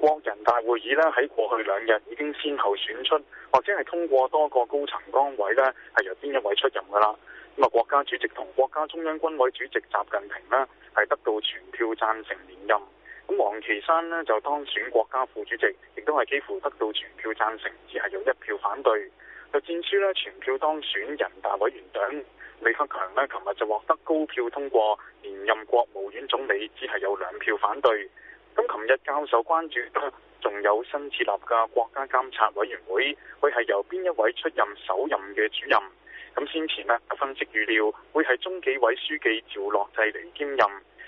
國人大會議咧喺過去兩日已經先後選出，或者係通過多個高層崗位咧係由邊一位出任㗎啦？咁啊，國家主席同國家中央軍委主席習近平咧係得到全票贊成連任。咁王岐山咧就當選國家副主席，亦都係幾乎得到全票贊成，只係有一票反對。栗戰書咧全票當選人大委員長，李克強咧琴日就獲得高票通過連任國務院總。教授關注，仲有新設立嘅國家監察委員會，佢係由邊一位出任首任嘅主任？咁先前呢分析預料，會係中紀委書記趙樂際嚟兼任。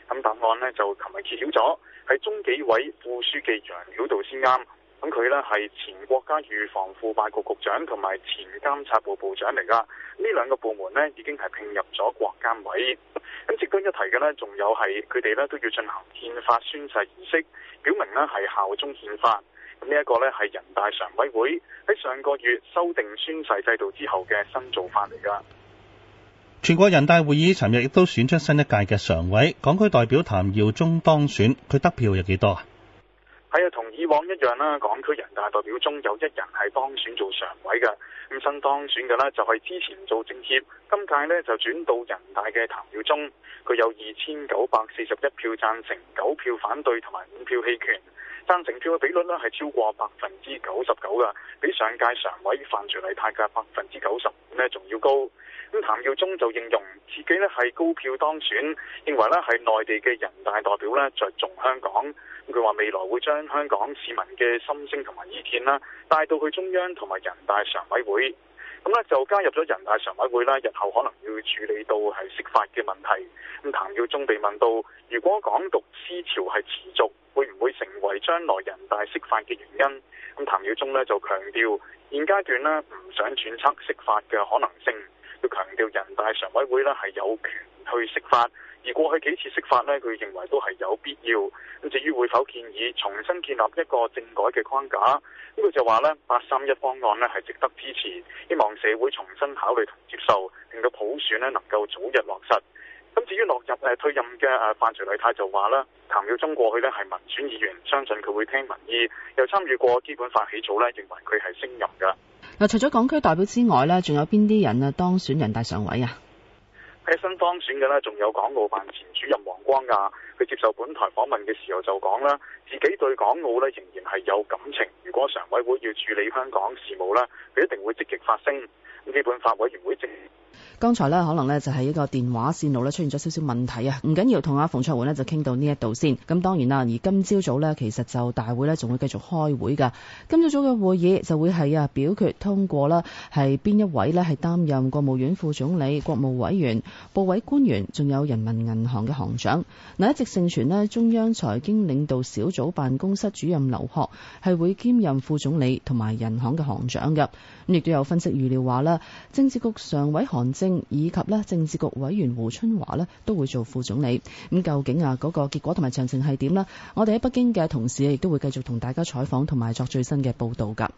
咁答案呢，就琴日揭曉咗，係中紀委副書記楊曉渡先啱。咁佢呢係前國家預防腐敗局局長同埋前監察部部長嚟噶，呢兩個部門呢已經係並入咗國監委。咁值得一提嘅呢，仲有係佢哋呢都要進行憲法宣誓儀式，表明呢係效忠憲法。咁呢一個呢係人大常委會喺上個月修訂宣誓制度之後嘅新做法嚟噶。全國人大會議尋日亦都選出新一屆嘅常委，港區代表譚耀宗當選，佢得票有幾多啊？喺啊同 以往一樣啦，港區人大代表中有一人係當選做常委嘅，咁新當選嘅呢就係之前做政協，今屆呢就轉到人大嘅譚耀宗，佢有二千九百四十一票贊成，九票反對同埋五票棄權。贊成票嘅比率咧係超過百分之九十九嘅，比上屆常委范徐麗泰嘅百分之九十五咧仲要高。咁譚耀宗就形容自己呢，係高票當選，認為呢係內地嘅人大代表呢，着重香港。咁佢話未來會將香港市民嘅心聲同埋意見啦帶到去中央同埋人大常委會。咁呢，就加入咗人大常委會啦，日後可能要處理到係釋法嘅問題。咁譚耀宗被問到，如果港獨思潮係持續，會唔會成為將來人大釋法嘅原因？咁譚耀宗咧就強調，現階段呢唔想揣測釋法嘅可能性。佢強調人大常委會呢係有權去釋法，而過去幾次釋法呢，佢認為都係有必要。咁至於會否建議重新建立一個政改嘅框架？咁佢就話呢，八三一方案呢係值得支持，希望社會重新考慮同接受，令到普選呢能夠早日落實。咁至於落入誒退任嘅誒范徐麗泰就話啦，譚耀宗過去咧係民選議員，相信佢會聽民意，又參與過基本法起草咧，認為佢係升任噶。嗱，除咗港區代表之外咧，仲有邊啲人啊當選人大常委啊？新當選嘅啦，仲有港澳辦前主任王光亞，佢接受本台訪問嘅時候就講啦，自己對港澳咧仍然係有感情，如果常委會要處理香港事務啦，佢一定會積極發聲。咁基本法委員會正。剛才呢，可能呢就係一個電話線路呢，出現咗少少問題啊，唔緊要，同阿馮卓垣呢就傾到呢一度先。咁當然啦，而今朝早,早呢，其實就大會呢仲會繼續開會噶。今朝早嘅會議就會係啊表決通過啦，係邊一位呢？係擔任國務院副總理、國務委員、部委官員，仲有人民銀行嘅行長。嗱，一直盛傳呢，中央財經領導小組辦公室主任劉鶴係會兼任副總理同埋銀行嘅行長噶。咁亦都有分析預料話啦，政治局常委韓。林政以及咧政治局委員胡春華咧都會做副總理，咁究竟啊嗰個結果同埋詳情係點呢？我哋喺北京嘅同事亦都會繼續同大家採訪同埋作最新嘅報道噶。